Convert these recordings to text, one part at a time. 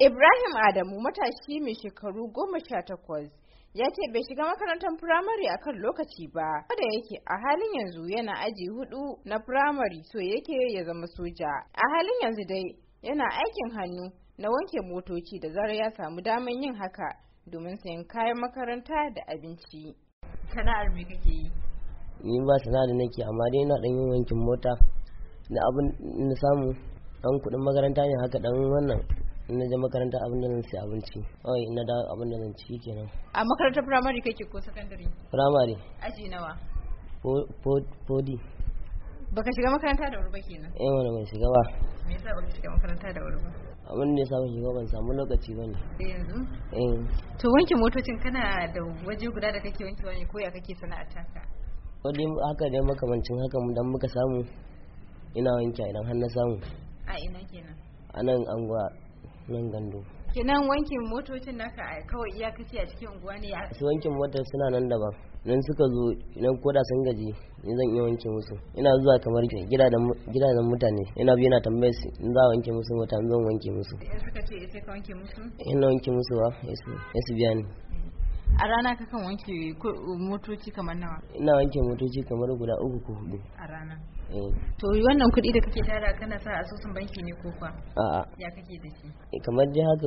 Ibrahim Adamu matashi mai shekaru goma sha takwas ya ce bai shiga makarantar firamare a kan lokaci ba da yake a halin yanzu yana aji hudu na firamare so yake ya zama soja a halin yanzu dai yana aikin hannu na wanke motoci da zarar ya samu daman yin haka domin sayan kayan makaranta da abinci sana'ar me kake yi ni ba sana'ar nake amma dai na dan yin wankin mota da abin na samu dan kudin makaranta ne haka dan wannan na je makaranta abin da zan sai abinci kawai na da abin da zan ci kenan a makarantar primary kake ko secondary primary aji nawa podi baka shiga makaranta da wuri ba kenan eh wani mai shiga ba me yasa baka shiga makaranta da wuri ba abin da ya samu shiga ban samu lokaci bane eh yanzu eh to wanke motocin kana da waje guda da kake wankewa ne ko ya kake sana'ar taka wani haka ne makamancin haka dan muka samu ina wanke idan har na samu a ina kenan a nan anguwa nan gando kinan wankin motocin naka kawai iya kace a cikin unguwa ne su wankin motar suna nan daban nan suka zo nan koda sun gaji ni zan iya wanke musu ina zuwa kamar gidajen mutane ina biyu na tambayar su in za a wanke musu mota zan wanke musu suka ce sai ka wanke musu ina wanke musu ba su biya ni a rana kakan wanke motoci kamar nawa ina wanke motoci kamar guda uku ko hudu a rana eh. to wannan kuɗi da kake tara kana sa asusun banki ne ko kwa a'a ya kake da shi e, kamar dai haka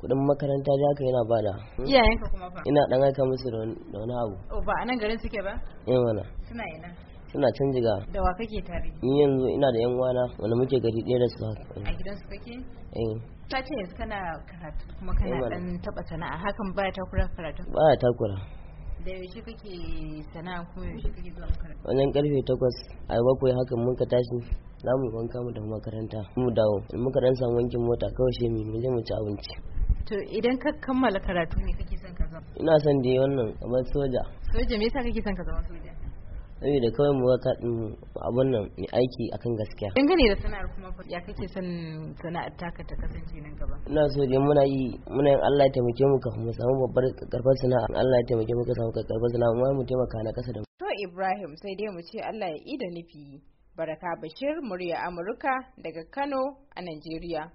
kudin makaranta da haka yana bada hmm? iyayenka kuma fa ina dan aika musu da wani abu oh, ba a nan garin suke ba eh mana suna ina suna can jiga da wa kake tare ni yanzu ina da yan wana wanda muke gari ɗaya da su a gidan su kake eh ta ce yanzu kana karatu kuma kana dan eh, taba sana'a hakan baya takura karatu baya takura da yaushe kake sana'a kuma yaushe kake zuwa makaranta wannan karfe takwas a bakwai hakan mun ka tashi za mu wanka mu da makaranta mu dawo in muka dan samu wankin mota kawai shi mu je mu ci abinci to idan ka kammala karatu ne kake son ka zama ina son dai wannan kamar soja soja me yasa kake son ka zama soja da kawai mu waka abun nan mai aiki akan gaskiya gane da sana'ar kuma ya kake son sana'ar taka ta kasance nan gaba ina so ne muna yi muna yin Allah ya taimake mu ka mu samu babbar karfar sana'a Allah ya taimake mu ka samu karfar sana'a mu mu taimaka na kasa da mu to Ibrahim sai dai mu ce Allah ya ida nufi Baraka Bashir, murya Amurka daga Kano a Najeriya.